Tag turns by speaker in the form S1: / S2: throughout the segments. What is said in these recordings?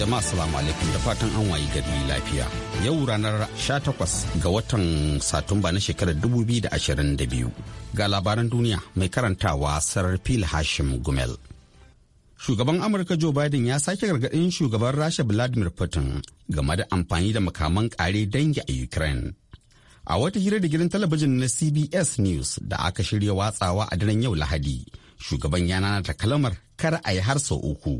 S1: jama'a salamu alaikum
S2: da fatan an wayi gari lafiya yau ranar 18 ga watan satumba na shekarar 2022 ga labaran duniya mai karantawa sarar fil hashim gumel shugaban amurka joe biden ya sake gargaɗin shugaban rasha vladimir putin game da amfani da makaman kare dangi a ukraine a wata hira da gidan talabijin na cbs news da aka shirya watsawa a daren yau lahadi shugaban ya nanata kalamar kar a yi har sau uku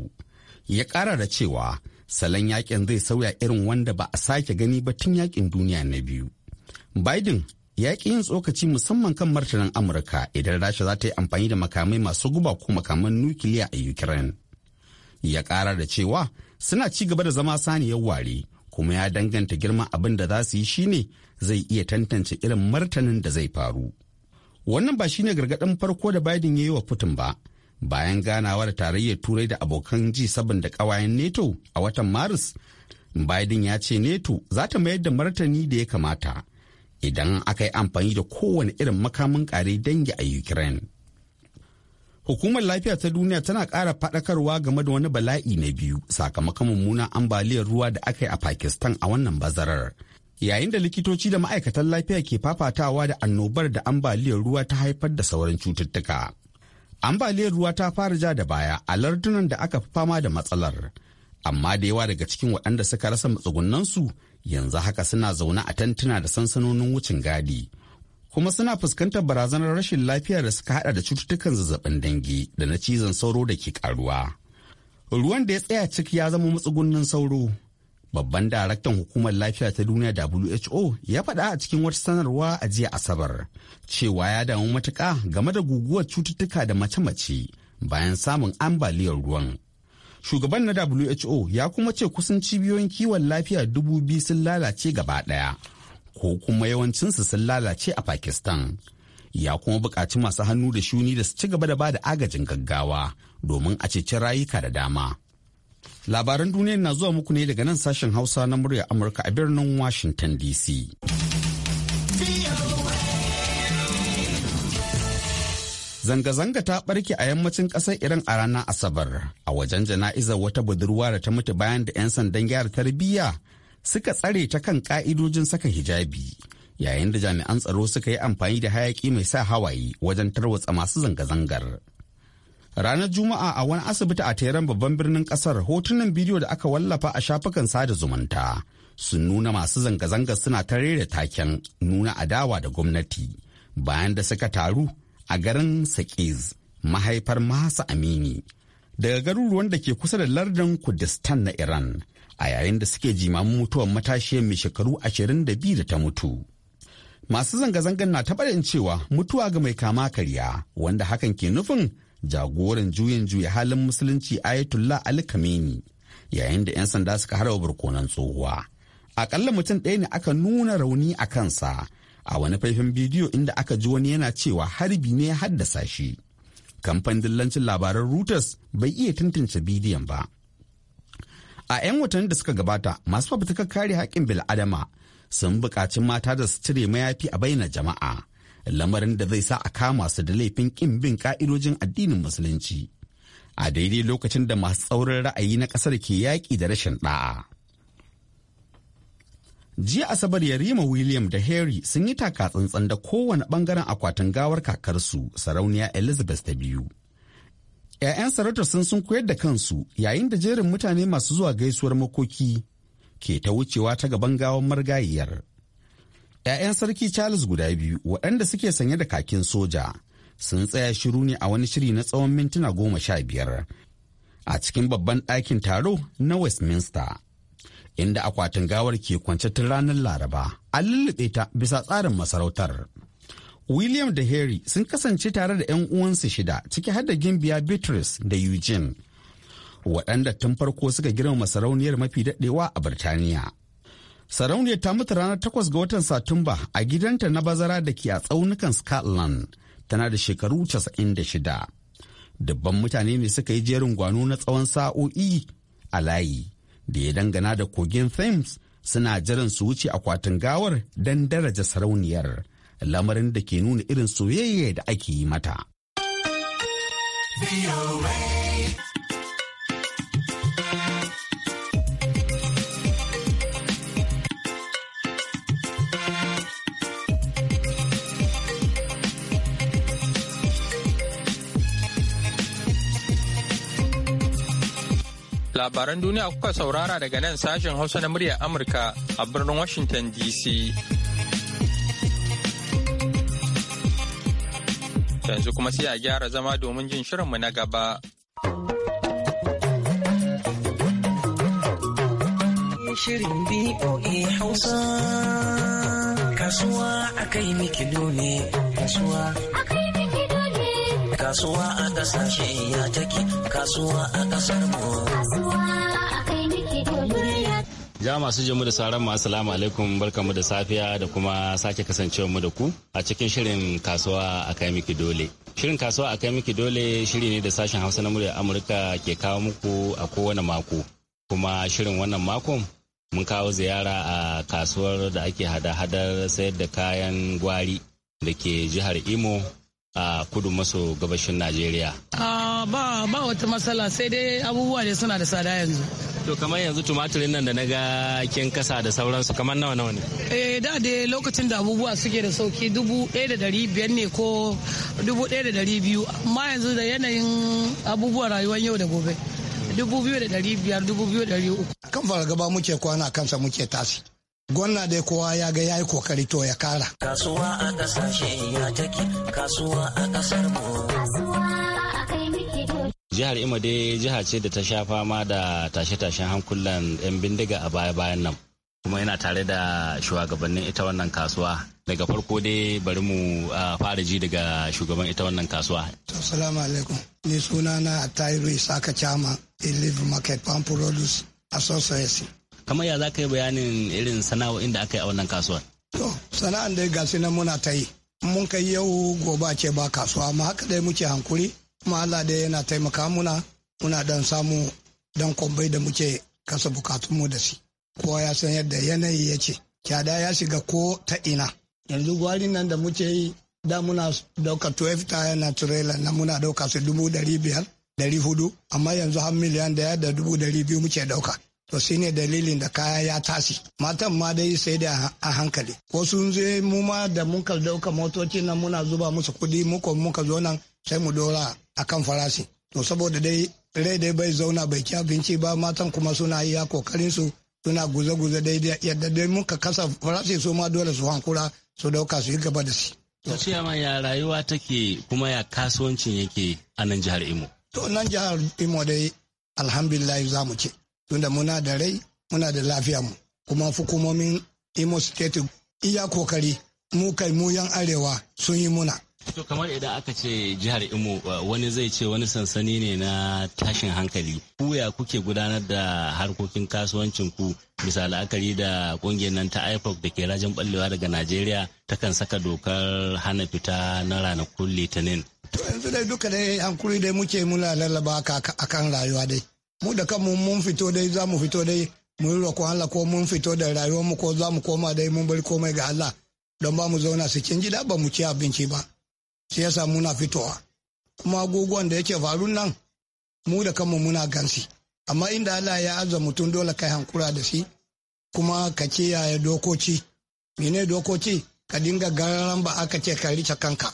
S2: ya kara da cewa salon yakin zai sauya irin wanda ba a sake gani ba tun yakin duniya na biyu biden ya ƙi yin tsokaci musamman kan martanin amurka idan rasha za ta yi amfani da makamai masu guba ko makaman nukiliya a ukraine ya ƙara da cewa suna ci gaba da zama saniyar ware kuma ya danganta girma abin da za su yi shine zai iya tantance irin martanin da zai faru wannan ba shine gargaɗin farko da biden ya yi wa putin ba bayan ganawa da tarayyar turai da abokan ji saban da kawayen neto a watan maris biden ya ce neto za ta mayar da martani da ya kamata idan aka yi amfani da kowane irin makamin kare dangi a ukraine hukumar lafiya ta duniya tana ƙara faɗakarwa game da wani bala'i na biyu sakamakon mummunan ambaliyar ruwa da aka yi a pakistan a wannan bazarar yayin da likitoci da ma'aikatan lafiya ke fafatawa da annobar da ambaliyar ruwa ta haifar da sauran cututtuka ambaliyar ruwa ta fara ja da baya a lardunan da aka fi fama da matsalar amma da yawa daga cikin waɗanda suka rasa matsugunansu yanzu haka suna zaune a tantuna da sansanonin wucin gadi kuma suna fuskantar barazanar rashin lafiya da suka hada da cututtukan zazzabin dangi da na cizon sauro da ke karuwa ruwan da ya tsaya cik ya zama matsugunan sauro Babban daraktan hukumar lafiya ta duniya WHO ya faɗa a cikin wata sanarwa a jiya Asabar cewa ya damu matuka game da guguwar cututtuka da mace-mace bayan samun ambaliyar ruwan. Shugaban na WHO ya kuma ce kusan cibiyoyin kiwon lafiya dubu biyu sun lalace gaba ɗaya, ko kuma yawancinsu sun lalace a Pakistan. Ya kuma buƙaci masu hannu da shuni da su ci gaba da ba da agajin gaggawa domin a ceci rayuka da dama. Labaran duniya na zuwa muku ne daga nan sashen Hausa na murya Amurka a birnin Washington DC. Zanga-zanga ta barke a yammacin ƙasar Iran a ranar Asabar a wajen jana'izar wata budurwa da ta mutu bayan da 'yan sandan gyara tarbiyya suka tsare ta kan ƙa'idojin saka hijabi yayin da jami'an tsaro suka yi amfani da hayaki mai sa hawaye wajen tarwatsa masu zanga-zangar. ranar juma'a a wani asibiti a teran babban birnin kasar hotunan bidiyo da aka wallafa a shafukan sada zumunta sun nuna masu zanga-zanga suna ta rera taken nuna adawa da gwamnati bayan da suka taru a garin sakiz mahaifar masa amini daga garuruwan da ke kusa da lardin Kudistan na iran a yayin da suke jimamin mutuwar matashiyar mai shekaru ashirin da biyu da ta mutu masu zanga-zangar na taɓa cewa mutuwa ga mai kama karya wanda hakan ke nufin jagoran juyin juya halin musulunci ayatollah ali kameni yayin da 'yan sanda suka harba barkonan tsohuwa akalla mutum ɗaya ne aka nuna rauni a kansa a wani faifin bidiyo inda aka ji wani yana cewa harbi ne ya haddasa shi kamfanin dillancin labaran reuters bai iya tantance bidiyon ba a 'yan watanni da suka gabata masu fafutukar kare haƙƙin bil'adama sun buƙaci mata da su cire mayafi a bayyana jama'a lamarin da zai sa a kama su da laifin ƙin bin ƙa'idojin addinin musulunci a daidai lokacin da masu tsaurin ra'ayi na ƙasar ke yaƙi da rashin ɗa'a. jiya asabar yarima william da harry sun yi taka tsantsan da kowane bangaren akwatin gawar kakarsu sarauniya elizabeth ta biyu 'ya'yan sarautar sun sun koyar da kansu yayin da jerin mutane masu zuwa gaisuwar makoki ke ta wucewa ta gaban gawar margayiyar 'Ya'yan sarki Charles guda biyu waɗanda suke sanye da kakin soja sun tsaya shiru ne a wani shiri na tsawon mintuna goma sha biyar a cikin babban ɗakin taro na Westminster. Inda akwatin gawar ke kwance tun ranar Laraba, an lullube ta bisa tsarin masarautar. William da Harry sun kasance tare da 'yan uwansu shida ciki har da gimbiya Beatrice da Eugene, waɗanda tun farko suka girma masarauniyar mafi daɗewa a Birtaniya. Sarauniya ta mutu ranar takwas ga watan Satumba a gidanta na bazara da ke a tsaunukan Scotland tana da shekaru 96. Dubban mutane ne suka yi jerin gwano na tsawon sa'o'i a layi da ya dangana da kogin Thames suna jiran su wuce akwatin gawar don daraja sarauniyar lamarin da ke nuna irin soyayya da ake yi mata.
S1: Labaran duniya kuka saurara daga nan sashen Hausa na muryar Amurka a birnin Washington DC. Yanzu kuma sai a gyara zama domin jin shirinmu na gaba.
S3: Shirin BOA Hausa Kasuwa a kai
S4: Kasuwa a kai mikido ne Kasuwa a kasashe ya take Kasuwa a kasar mu
S5: Ja masu jimu da sauran masu salamu alaikum barkamu da safiya da kuma sake kasancewa mu da ku a cikin shirin kasuwa a kai miki dole. Shirin kasuwa a kai miki dole shiri ne da sashen Hausa na muryar Amurka ke kawo muku a kowane mako. Kuma shirin wannan makon mun kawo ziyara a kasuwar da ake hada-hadar sayar da kayan gwari da ke jihar Imo a kudu maso gabashin Najeriya.
S4: Ah, ba wata matsala sai dai abubuwa ne suna da tsada yanzu.
S5: To kamar yanzu tumaturin nan da na ga kin kasa da sauransu kamar nawa nawa ne?
S4: Eh da da lokacin da abubuwa suke da sauki dubu ɗaya da ɗari biyar ne ko dubu ɗaya da ɗari biyu amma yanzu da yanayin
S6: abubuwan rayuwar yau da gobe. Dubu biyu da ɗari biyar dubu biyu da ɗari uku. Kan fargaba muke kwana kansa muke tasi. Gwanna dai kowa ya ga ya yi kokari to ya kara.
S7: Kasuwa a
S4: kasashe ya take, kasuwa a kasar mu. Kasuwa
S5: jihar ima dai jiha ce da ta sha fama da tashe-tashen hankulan 'yan bindiga a baya-bayan nan kuma yana tare da shugabannin ita wannan kasuwa daga farko dai bari mu uh, fara ji daga shugaban ita wannan kasuwa
S6: assalamu alaikum ni suna na atairu isaka chama live market farm produce association kamar
S5: ya za ka yi bayanin irin sana'o'in da aka yi a wannan kasuwar
S6: to sana'an dai ga na muna ta yi mun kai yau gobe ce ba kasuwa ma haka dai muke hankuri kuma Allah da yana taimaka muna muna dan samu dan kwambai da muke kasa bukatunmu da shi kowa ya san yadda yanayi ya ce kyada ya shiga ko ta ina yanzu gwari nan da muke yi da muna dauka 12 tire na trailer na muna dauka su dubu dari biyar dari hudu amma yanzu har miliyan daya da dubu dari biyu muke dauka to shi ne dalilin da kaya ya tasi. matan ma dai sai da a hankali ko sun je mu ma da mun dauka motoci nan muna zuba musu kudi muka muka zo nan sai mu dora A kan farashin to saboda dai rai dai bai zauna bai ci abinci ba matan kuma suna iya kokarin su suna guza guza dai yadda dai muka kasa farashin su ma dole su hankura su dauka su yi gaba da shi.
S5: ce ma ya rayuwa take kuma ya kasuwancin yake a nan jihar Imo.
S6: To nan jihar Imo dai alhamdulillah za mu ce tunda muna da rai muna da lafiya mu kuma hukumomin Imo State iya kokari mu kai mu yan arewa sun yi muna
S5: To kamar idan aka ce jihar Imo wani zai ce wani sansani ne na tashin hankali. Ku ya kuke gudanar da harkokin kasuwancin ku bisa la'akari da kungiyar nan ta IPOC da ke rajin ballewa daga Najeriya takan saka dokar hana fita na ranakun Litinin.
S6: To yanzu dai duka dai hankuri dai muke mula lallaba kan rayuwa dai. Mu da kanmu mun fito dai za mu fito dai mu yi roƙon Allah ko mun fito da rayuwar mu ko za mu koma dai mun bari komai ga Allah don ba mu zauna cikin gida ba mu ci abinci ba. sai yasa muna fitowa kuma agogon da yake faru nan mu da kanmu muna gansi amma inda Allah ya azza mutum dole kai hankura da shi kuma ka kiyaye dokoki mene dokoki ka dinga gararan ba aka ce ka rice kanka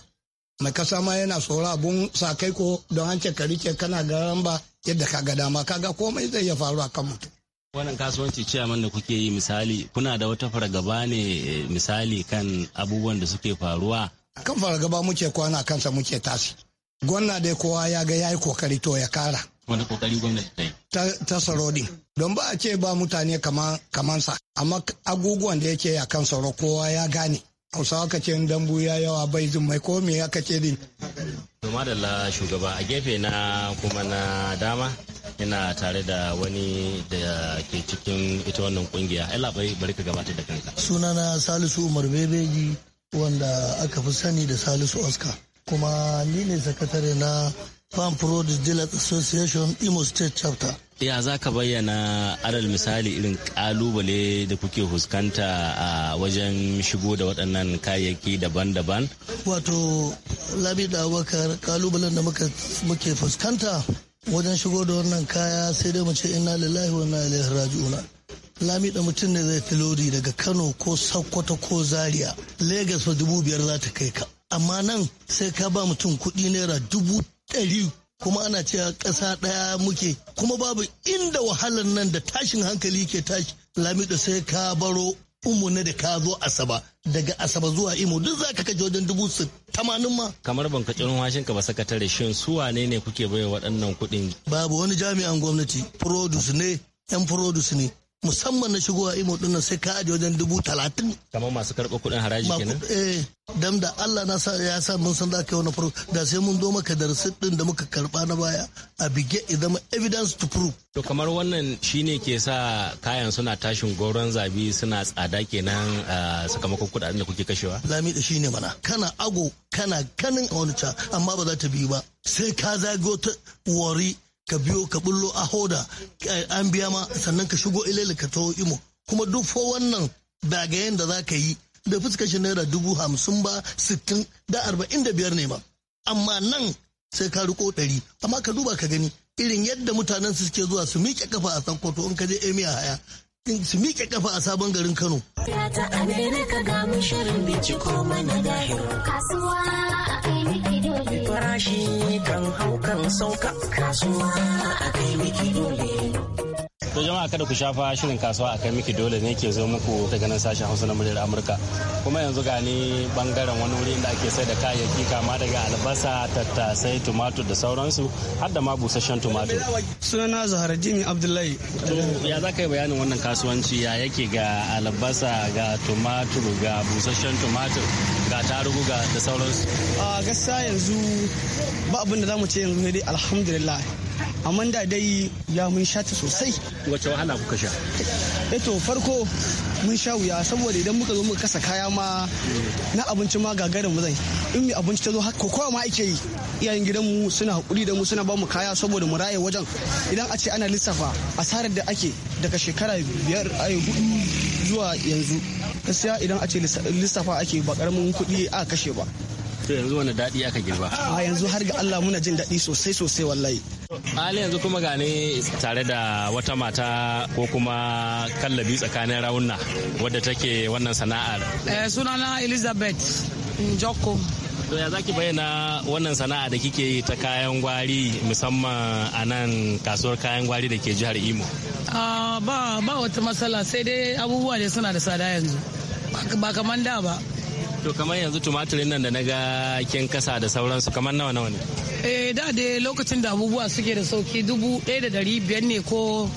S6: mai kasa ma yana tsoro abun sa kai ko don an ce ka rice kana gararan ba yadda ka ga dama kaga komai zai iya faru a kan mutum
S5: wannan kasuwanci ciyaman da kuke yi misali kuna da wata fargaba ne eh, misali kan abubuwan da suke faruwa
S6: kan fargaba muke kwana kansa muke tasi gwamna dai kowa ya ga ya yi kokari to ya kara
S5: wani kokari gwamnati ta
S6: yi ta saro din don ba a ce ba mutane kaman sa amma agugwan da yake a kan saro kowa ya gane hausawa ka ce dambu ya yawa bai zin mai ko me aka ce din
S5: Doma da shugaba a gefe na kuma na dama ina tare da wani da ke cikin ita wannan kungiya ila bai bari ka gabatar da kanka
S7: sunana salisu umar bebeji wanda aka fi sani da Salisu Oscar. Kuma ni ne sakatare na Farm Produce Dealers Association Imo State Chapter.
S5: Ya za ka bayyana adal misali irin kalubale da kuke fuskanta a wajen shigo da waɗannan kayayyaki daban-daban?
S7: Wato, da Abubakar kalubalen da muke fuskanta wajen shigo da wannan kaya sai dai mu ce inna lillahi wa inna ilaihi raji'una. Lamida mutum ne zai filodi daga Kano ko Sokoto ko Zaria. Legas ba dubu biyar za ta kai ka. Amma nan sai ka ba mutum kuɗi naira dubu ɗari kuma ana cewa ƙasa ɗaya muke kuma babu inda wahalar nan da tashin hankali ke tashi lamida sai ka baro umu ne da ka zo asaba daga asaba zuwa imo duk za ka kaje wajen dubu tamanin ma
S5: kamar ban kacin washin ka ba sakatare shin su wane ne kuke baiwa waɗannan kuɗin
S7: babu wani jami'an gwamnati produce ne yan produce ne musamman na shigowa imo dinnan sai ka aje wajen dubu talatin kamar masu karɓar kuɗin haraji kenan eh dam da Allah na sa ya sa mun san ka yi wani faru. da sai mun zo maka da ɗin din da muka karɓa na baya a bige idan evidence to prove
S5: to kamar wannan shine ke sa kayan suna tashin goron zabi suna tsada kenan sakamakon kuɗaɗen da kuke kashewa
S7: lami da shine mana kana ago kana kanin a wani ca amma ba za ta biyu ba sai ka zagi wari ka biyo ka bullo a hoda an biya ma sannan ka shigo ilele ka taho imo kuma duk fo wannan dagayen da za ka yi da fuskashin naira dubu hamsin ba sittin da arba'in da biyar ne ba amma nan sai ka riko ɗari amma ka duba ka gani irin yadda mutanen su suke zuwa su miƙe kafa a sakkwato in ka je emiya haya su miƙe kafa a sabon garin kano.
S3: ta ka ga shirin binciko mana kasuwa farashi kan hau kan sauka kasuwa a kai miki
S5: To jama'a kada ku shafa shirin kasuwa a kai miki dole ne ke zo muku daga nan sashen Hausa na muryar Amurka. Kuma yanzu ga ni bangaren wani wuri da ake sai da kayayyaki kama daga albasa, tattasai, tumatur da sauransu har da ma
S7: busasshen tumatur. Sunana Zahara Jimi Abdullahi.
S5: To ya za ka yi bayanin wannan kasuwanci ya yake ga albasa ga tumatur ga busasshen tumatur ga tarugu ga da sauransu.
S7: A gasa yanzu ba abin da za mu ce yanzu ne dai alhamdulillah amma da dai ya mun sha ta sosai
S5: wace wahala kuka sha
S7: eto eh farko mun sha wuya saboda idan muka zo muka kasa kaya ma na abinci ma gagarin mu zai in mai abinci ta zo ko kowa ma ake yi iyayen gidanmu suna hakuri da mu suna ba mu kaya saboda mu raye wajen idan a ce ana lissafa asarar da ake daga shekara biyar ayi hudu zuwa yanzu gaskiya idan a ce lissafa ake ba karamin kuɗi a kashe ba
S5: to yanzu wani daɗi aka girba
S7: a yanzu har ga Allah muna jin daɗi sosai sosai wallahi
S5: hali yanzu kuma gane tare da wata mata ko kuma kallabi tsakanin rauna wadda take wannan sana'ar eh, sunana elizabeth njoko To ya zaki bayyana wannan sana'a da kike yi ta kayan gwari musamman a nan kasuwar kayan gwari da ke jihar Imo?
S4: Ah, ba wata matsala sai dai abubuwa ne suna da tsada yanzu ba kamar da ba
S5: to kamar yanzu tumaturin nan da na ga kin kasa da sauransu kamar nawa nawa ne
S4: eh da da lokacin da abubuwa suke da sauki dubu ɗaya da dari biyar ne ko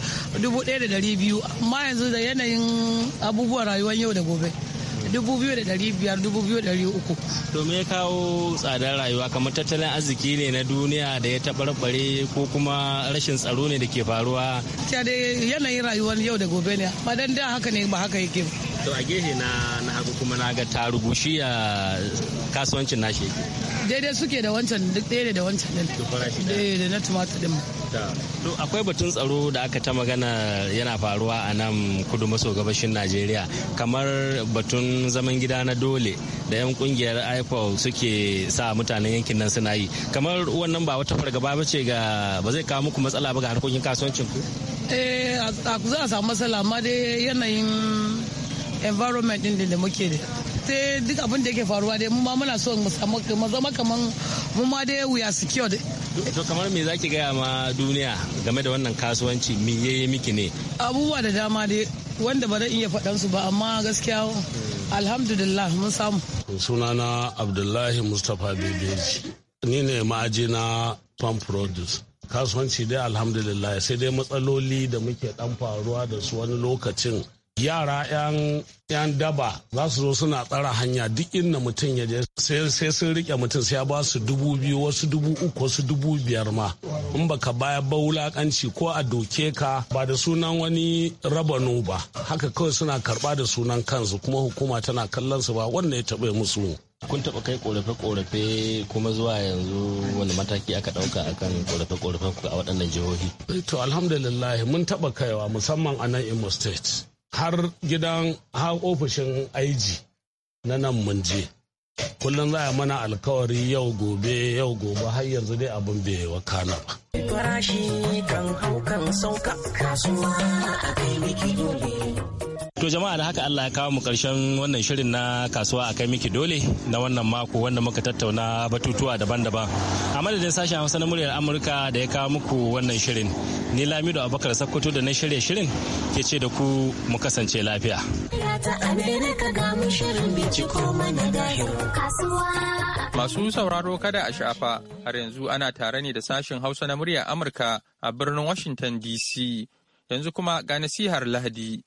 S4: dubu ɗaya da dari biyu amma yanzu da yanayin abubuwan rayuwar yau da gobe dubu biyu da dari biyar dubu biyu da dari uku
S5: to me ya kawo tsadar rayuwa kamar tattalin arziki ne na duniya da ya taɓarɓare ko kuma rashin tsaro ne da ke faruwa
S4: ta dai yanayin rayuwar yau da gobe ne amma dan da haka ne ba haka yake ba
S5: to a gehe na na hagu kuma na ga ta rubushi a kasuwancin nashi yake
S4: daidai suke da wancan duk ɗaya da wancan din da na tumatur din
S5: to akwai batun tsaro da aka ta magana yana faruwa a nan kudu maso gabashin najeriya kamar batun zaman gida na dole da 'yan kungiyar ipod suke sa mutanen yankin nan suna yi kamar wannan ba wata fargaba ba ce ga ba zai kawo muku matsala ba ga harkokin kasuwancin ku
S4: eh za a samu matsala amma dai yanayin environment din da muke da sai duk abin da yake faruwa dai mu ma muna so mu samu zama kaman mu ma dai we are secured
S5: to kamar me zaki gaya ma duniya game da wannan kasuwanci me yayi miki ne
S4: abubuwa da dama dai wanda ba zan iya faɗan su ba amma gaskiya alhamdulillah mun samu
S5: sunana abdullahi mustapha bebeji ni ne ma'aji na farm produce kasuwanci dai alhamdulillah sai dai matsaloli da muke dan faruwa da su wani lokacin yara 'yan daba za su zo suna tsara hanya duk inda mutum ya je sai sun rike mutum sai ya ba su dubu biyu wasu dubu uku wasu dubu biyar ma in baka baya ba wulakanci ko a doke ka ba da sunan wani rabano ba haka kawai suna karba da sunan kansu kuma hukuma tana kallon su ba wannan ya taɓa musu kun taɓa kai korafe-korafe kuma zuwa yanzu wani mataki aka ɗauka akan korafe-korafe a waɗannan jihohi eh to alhamdulillah mun taɓa kaiwa musamman a nan imo state har gidan har ofishin aiji na nan mun je kullum za a mana alkawari yau gobe yau gobe har yanzu dai abin bai wakana ba.
S3: farashi kan hau kan sauka kasuwa a kai dole
S5: To jama'a da haka Allah ya kawo mu karshen wannan shirin na kasuwa a kai miki dole na wannan mako wanda muka tattauna batutuwa daban-daban. A madadin sashen Hausa na muryar Amurka da ya kawo muku wannan shirin. Ni Lamido Abubakar Sakkwato da na shirya shirin ke ce da ku mu kasance
S1: lafiya. Masu sauraro kada a shafa har yanzu ana tare ne da sashen Hausa na muryar Amurka a birnin Washington DC. Yanzu kuma ga nasihar Lahadi.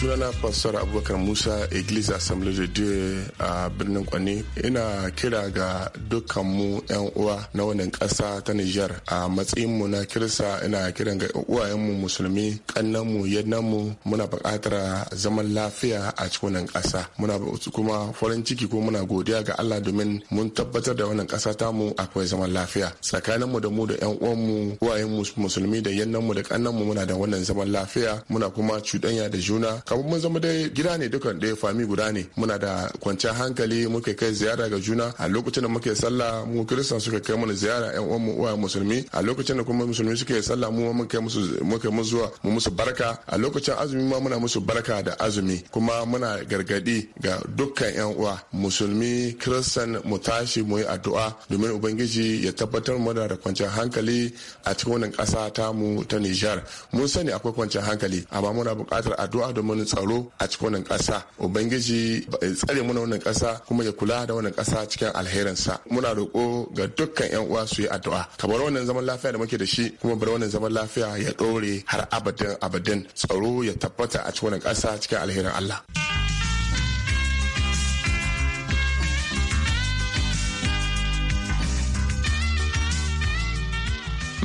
S8: sunana pastor abubakar musa iglesia assembly de dieu a birnin kwani ina kira ga dukkan mu yan uwa na wannan ƙasa ta nijar a matsayin mu na kirsa ina kiran ga uwayen mu musulmi kannan mu yadnan mu muna bukatar zaman lafiya a cikin wannan ƙasa muna kuma farin ciki ko muna godiya ga Allah domin mun tabbatar da wannan kasa ta mu akwai zaman lafiya tsakanin mu da mu da yan uwan mu uwayen mu musulmi da yannan mu da kannan mu muna da wannan zaman lafiya muna kuma cuɗanya da juna kamar mun zama dai gida ne dukan ɗaya fami guda ne muna da kwanciyar hankali muke kai ziyara ga juna a lokacin da muke sallah mu kristan suka kai mana ziyara yan uwan mu uwa musulmi a lokacin da kuma musulmi suke sallah mu mun kai musu kai musu zuwa mu musu barka a lokacin azumi ma muna musu barka da azumi kuma muna gargadi ga dukkan yan uwa musulmi kristan mu tashi mu yi addu'a domin ubangiji ya tabbatar mu da kwanciyar hankali a cikin wannan ƙasa ta mu ta Nijar mun sani akwai kwanciyar hankali amma muna buƙatar addu'a domin wani tsaro a cikin wannan ƙasa ubangiji ya tsare mana wannan ƙasa kuma ya kula da wannan ƙasa cikin alherinsa muna roƙo ga dukkan yan uwa su yi addu'a ka bar wannan zaman lafiya da muke da shi kuma bar wannan zaman lafiya ya ɗore har abadin abadin tsaro ya tabbata a cikin wannan ƙasa cikin alherin Allah.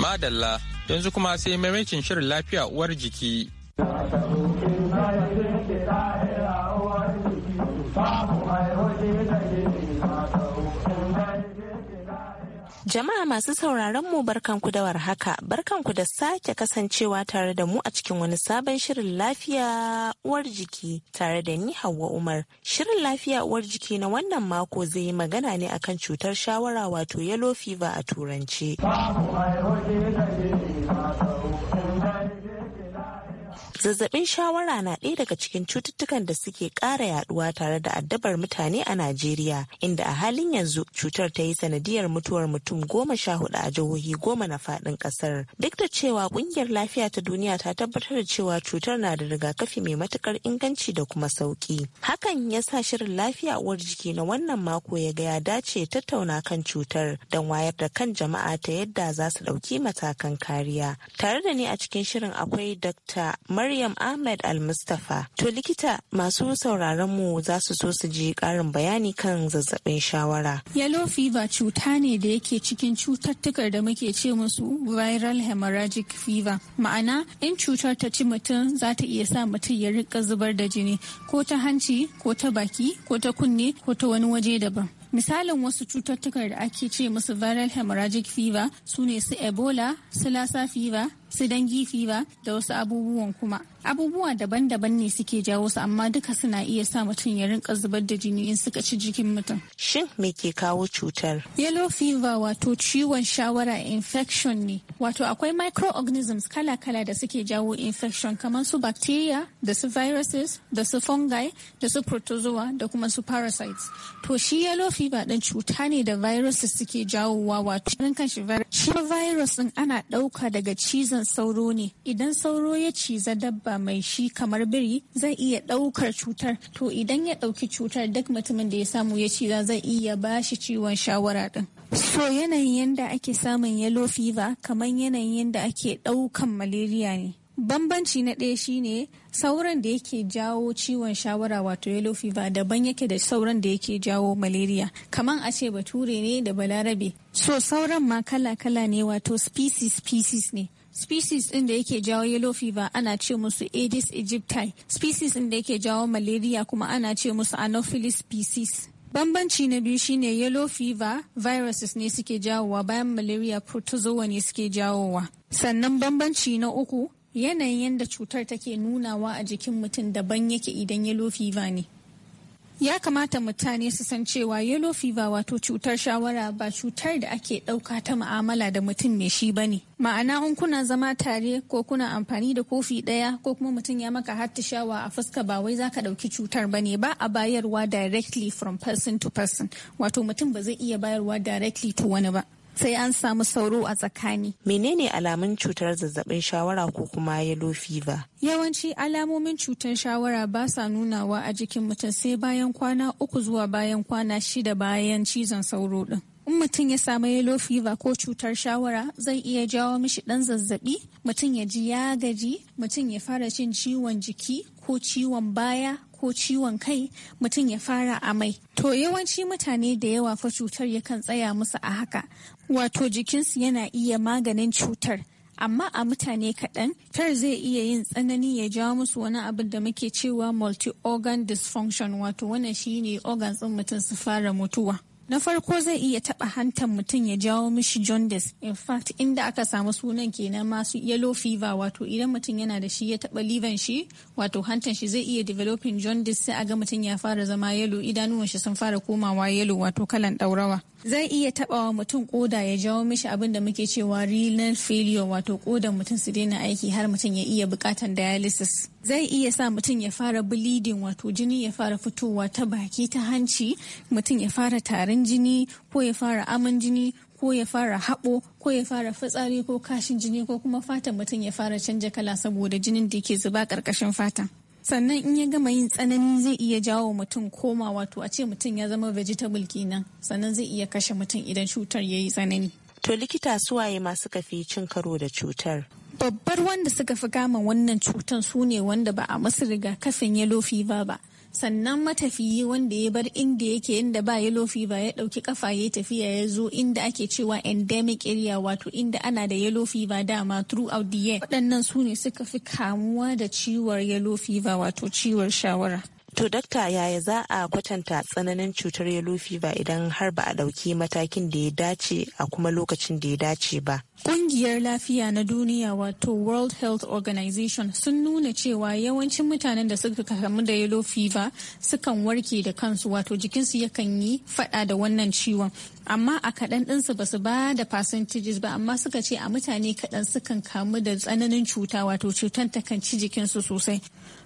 S1: Madalla yanzu kuma sai maimakin shirin lafiya uwar jiki.
S3: Jama'a masu sauraron mu barkanku da warhaka, barkanku da sake kasancewa tare da mu a cikin wani sabon shirin lafiya uwar jiki tare da ni Hauwa Umar. Shirin lafiya uwar jiki na wannan mako zai yi magana ne akan cutar shawara wato yellow fever a turanci. Zazzabin shawara na ɗaya daga cikin cututtukan da suke ƙara yaduwa tare da addabar mutane a Najeriya, inda a halin yanzu cutar ta yi sanadiyar mutuwar mutum goma sha hudu a jihohi goma na faɗin ƙasar. Duk da cewa ƙungiyar lafiya ta duniya ta tabbatar da cewa cutar na da rigakafi mai matuƙar inganci da kuma sauƙi. Hakan ya sa shirin lafiya uwar jiki na wannan mako ya ga ya dace tattauna kan cutar don wayar da kan jama'a ta yadda za su ɗauki matakan kariya. Tare da ni a cikin shirin akwai Dr. Maryam Ahmed Al-Mustafa. To likita masu sauraron mu za su so su ji ƙarin bayani kan zazzabin shawara.
S9: Yellow fever cuta ne da yake cikin cutattukar da muke ce musu viral hemorrhagic fever. Ma'ana in cutar ta ci mutum za ta iya sa mutum ya rika zubar da jini ko ta hanci ko ta baki ko ta kunne ko ta wani waje daban. misalin wasu cututtukar da ake ce musu viral hemorrhagic fever su ne su ebola su lassa fever su dangi gifi da wasu abubuwan kuma abubuwa daban-daban ne suke jawo su amma duka suna iya sa mutum ya rinka zubar da jini in suka ci jikin
S3: mutum shin me ke kawo cutar
S9: yellow fever wato ciwon shawara infection ne wato akwai microorganisms kala-kala da suke jawo infection kamar su bacteria da su viruses da su fungi da su protozoa da kuma su parasites to shi yellow fever din cuta ne da viruses suke jawowa wato rinkan shi virus din ana ɗauka daga cizon sauro ne idan sauro ya ciza dabba mai shi kamar biri zai iya ɗaukar cutar to idan ya ɗauki cutar duk mutumin da ya samu ya ciza zai iya ba shi ciwon shawara ɗin so yanayin yadda ake samun yellow fever kamar yanayin yadda ake ɗaukan malaria ne bambanci na ɗaya shine sauran da yake jawo ciwon shawara wato yellow fever daban yake da sauran da yake jawo malaria kaman a ce bature ne da balarabe so sauran ma kala-kala ne wato species species ne species ɗin da yake jawo yellow fever ana ce musu aedes aegypti species din da yake jawo malaria kuma ana ce musu anopheles species Bambanci na biyu shine yellow fever viruses ne suke jawowa bayan malaria protozoa ne suke jawowa. Sannan bambanci na uku yanayin yadda cutar take nunawa a jikin mutum daban yake idan yellow fever ne. ya kamata mutane su san cewa yellow fever wato cutar shawara ba cutar da ake ɗauka ta ma'amala da mutum mai shi ba ne, ma'ana in kuna zama tare ko kuna amfani da kofi ɗaya ko kuma mutum ya maka shawa a fuska ba wai zaka ɗauki cutar ba ne ba a bayarwa directly from person to person wato mutum ba zai iya bayarwa directly to wani ba sai an samu sauro a tsakani.
S3: Menene alamun cutar zazzabin shawara ko kuma yellow fever?
S9: Yawanci alamomin cutar shawara ba sa nunawa a jikin mutum sai bayan kwana uku zuwa bayan kwana shida bayan cizon sauro din. in mutum ya samu yellow fever ko cutar shawara zai iya jawo mishi dan zazzabi mutum ya ji ya gaji mutum ya fara cin ciwon jiki ko ciwon baya ko ciwon kai mutum ya fara amai to yawanci mutane da yawa fa cutar yakan tsaya musu a haka wato jikinsu yana iya maganin cutar amma a mutane kaɗan tar zai iya yin tsanani ya jawo musu wani abin da muke cewa multi-organ dysfunction wato wannan shine organs ɗin mutum su fara mutuwa na farko zai iya taɓa hantan mutum ya jawo mishi jaundice in fact inda aka samu sunan kenan masu yellow fever wato idan mutum yana da shi ya taba liver shi wato hantar shi zai iya developing jaundice sai a ga mutum ya fara zama yellow idanuwan shi sun fara komawa yellow wato kalan ɗaurawa zai iya wa mutum koda ya jawo mishi abin da muke cewa renal failure wato kodan mutum su daina aiki har mutum ya iya bukatan dialysis zai iya sa mutum ya fara bleeding wato jini ya fara fitowa ta baki ta hanci mutum ya fara tarin jini ko ya fara aman jini ko ya fara haɓo ko ya fara fitsari ko kashin jini ko kuma fatan mutum ya fara canja kala saboda jinin da ke zuba ƙarƙashin fata sannan in ya gama yin tsanani zai iya jawo mutum koma wato a ce mutum ya zama vegetable kenan sannan zai iya kashe mutum idan cutar ya yi tsanani To likita suwaye masu
S3: kafi cin karo da cutar?
S9: babbar wanda suka fi kama wannan cutan su ne wanda ba a masu rigakafin yellow fever ba sannan matafiyi wanda ya bar inda yake inda ba yellow fever ya dauki kafa ya tafiya ya zo inda ake cewa endemic area wato inda ana da yellow fever dama throughout the year waɗannan su ne suka fi kamuwa da ciwon yellow
S3: fever wato ciwon shawara To dakta yaya za a kwatanta tsananin cutar yellow fever idan har ba a ɗauki matakin da ya dace a kuma lokacin da ya dace ba?
S9: Ƙungiyar lafiya na duniya wato World Health Organization sun nuna cewa yawancin mutanen da suka kamu da yellow fever sukan warke da kansu wato jikinsu yakan yi fada da wannan ciwon. Amma a kaɗan ɗinsu ba su ba da percentages ba amma suka ce a mutane kaɗan sukan kamu da tsananin cuta wato cutar takan ci jikinsu sosai.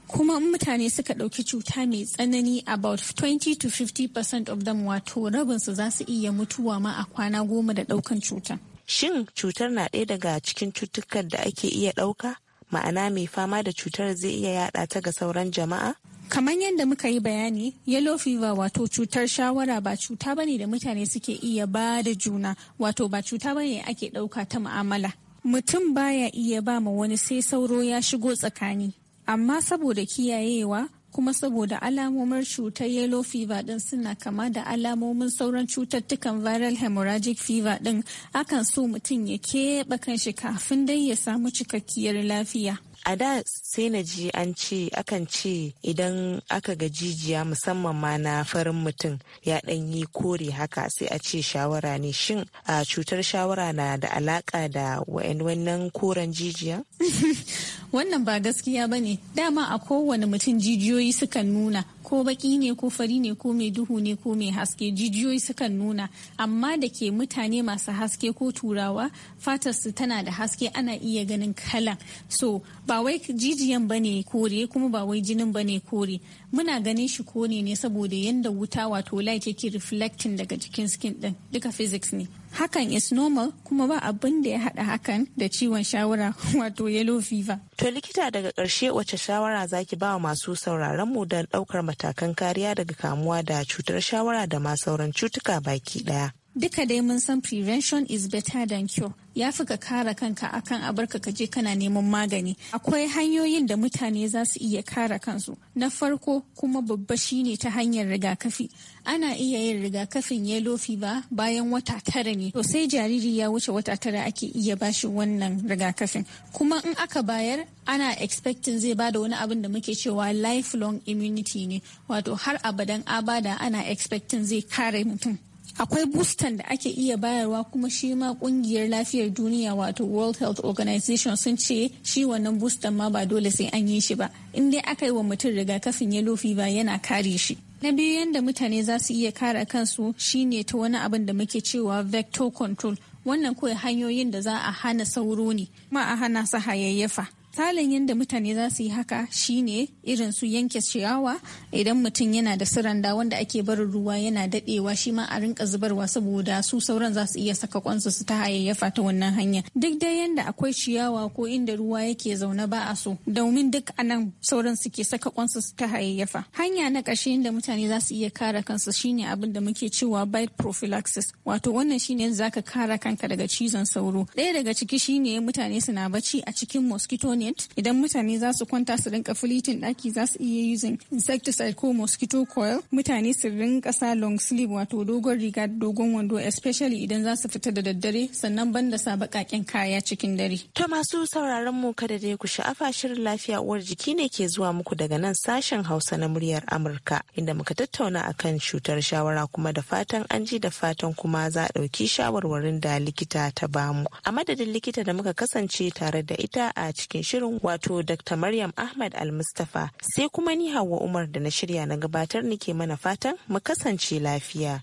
S9: kuma mutane suka ɗauki cuta mai tsanani about 20 to 50 of them wato rabinsu za su iya mutuwa ma a kwana goma da ɗaukan cutar.
S3: Shin cutar na ɗaya daga cikin cutukan da ake iya ɗauka? Ma'ana mai fama da cutar zai iya yaɗa ta ga sauran jama'a? Kamar yadda muka yi bayani, yellow fever wato cutar shawara
S9: ba cuta bane da mutane suke iya ba da juna, wato ba cuta bane ake ɗauka ta ma'amala. Mutum baya iya ba ma wani sai sauro ya shigo tsakani. amma saboda kiyayewa kuma saboda alamomin cutar yellow fever din suna kama da alamomin sauran cututtukan viral hemorrhagic fever din akan so mutum ya keɓe kanshi kafin dai ya samu cikakkiyar lafiya
S3: a da sai na ji an ce akan ce idan aka ga jijiya musamman ma na farin mutum ya dan yi kore haka sai a ce shawara ne shin a cutar shawara na da alaka da wannan koren jijiya
S9: wannan ba gaskiya ba ne dama a kowane mutum jijiyoyi sukan nuna ko baki ne ko fari ne ko mai duhu ne ko mai haske jijiyoyi sukan nuna amma da ke mutane masu haske ko turawa fatar su tana da haske ana iya ganin kalan so ba wai jijiyan ba ne kore kuma ba wai jinin ba ne kore muna ganin shi kone ne saboda yadda wuta wato light yake reflecting daga jikin skin din duka physics ne hakan is normal kuma ba abin da ya haɗa hakan da ciwon shawara wato yellow fever.
S3: To likita daga ƙarshe wacce shawara zaki ba masu sauraron mu don ɗaukar matakan kariya daga kamuwa da cutar shawara da ma sauran cutuka baki ɗaya.
S9: duka dai mun san prevention is better than cure ya fi ka kare kanka akan abarka ka je kana neman magani akwai hanyoyin da mutane za su iya kare kansu na farko kuma babba shine ta hanyar rigakafi ana iya yin rigakafin yellow fever bayan wata tara ne to sai jariri ya wuce wata tara ake iya bashi wannan rigakafin kuma in aka bayar ana expecting zai bada wani abin da muke cewa lifelong immunity ne wato har abadan abada ana expecting zai kare mutum akwai bustan da ake iya bayarwa kuma shi ma kungiyar lafiyar duniya wato world health organization sun ce shi wannan bustan ma ba dole sai an yi shi ba in dai aka yi wa mutum rigakafin yellow ba yana kare shi na biyu yadda mutane za su iya kare kansu shine ta wani abin da muke cewa vector control wannan kawai hanyoyin da za a hana sauro ne ma a hana su hayayyafa misalin yadda mutane za su yi haka shine irin su yanke ciyawa idan mutum yana da siranda wanda ake barin ruwa yana dadewa shi ma a rinka zubarwa saboda su sauran za su iya saka kwansu su ta hayayyafa ta wannan hanya duk dai yanda akwai ciyawa ko inda ruwa yake zaune ba a so domin duk anan sauran suke saka kwansu su ta hayayyafa hanya na ƙarshe yadda mutane za su iya kare kansu shine abin da muke cewa bite prophylaxis wato wannan shine zaka kare kanka daga cizon sauro ɗaya daga ciki shine mutane suna bacci a cikin mosquito ne convenient idan mutane za su kwanta su rinka fulitin daki za su iya using insecticide ko mosquito coil mutane su rinka sa long sleeve wato dogon riga dogon wando especially idan za su fita da daddare sannan banda sa baƙaƙen kaya
S3: cikin dare. To masu sauraron mu kada dai ku sha'afa shirin lafiya uwar jiki ne ke zuwa muku daga nan sashen Hausa na muryar Amurka inda muka tattauna akan cutar shawara kuma da fatan an ji da fatan kuma za a ɗauki shawarwarin da likita ta bamu. A madadin likita da muka kasance tare da ita a cikin shirin shirin wato Dr. Maryam Ahmad Al-Mustafa sai kuma ni Hauwa Umar da na shirya na gabatar nike mana fatan mu kasance lafiya.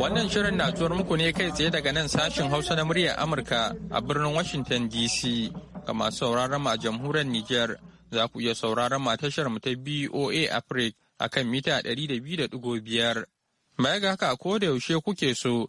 S1: Wannan shirin na zuwar muku ne kai tsaye daga nan sashin Hausa na muryar Amurka a birnin Washington DC ga masu sauraron a jamhuriyar Nijar za ku iya sauraron ma tashar mu ta BOA Africa akan mita 200.5. Baya ga haka ko da yaushe kuke so